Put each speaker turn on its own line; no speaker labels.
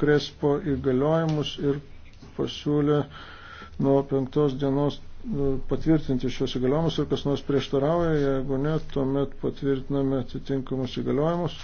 Krespo įgaliojimus ir pasiūlė nuo penktos dienos nu, patvirtinti šios įgaliojimus ir kas nors prieštarauja, jeigu ne, tuomet patvirtiname atitinkamus įgaliojimus.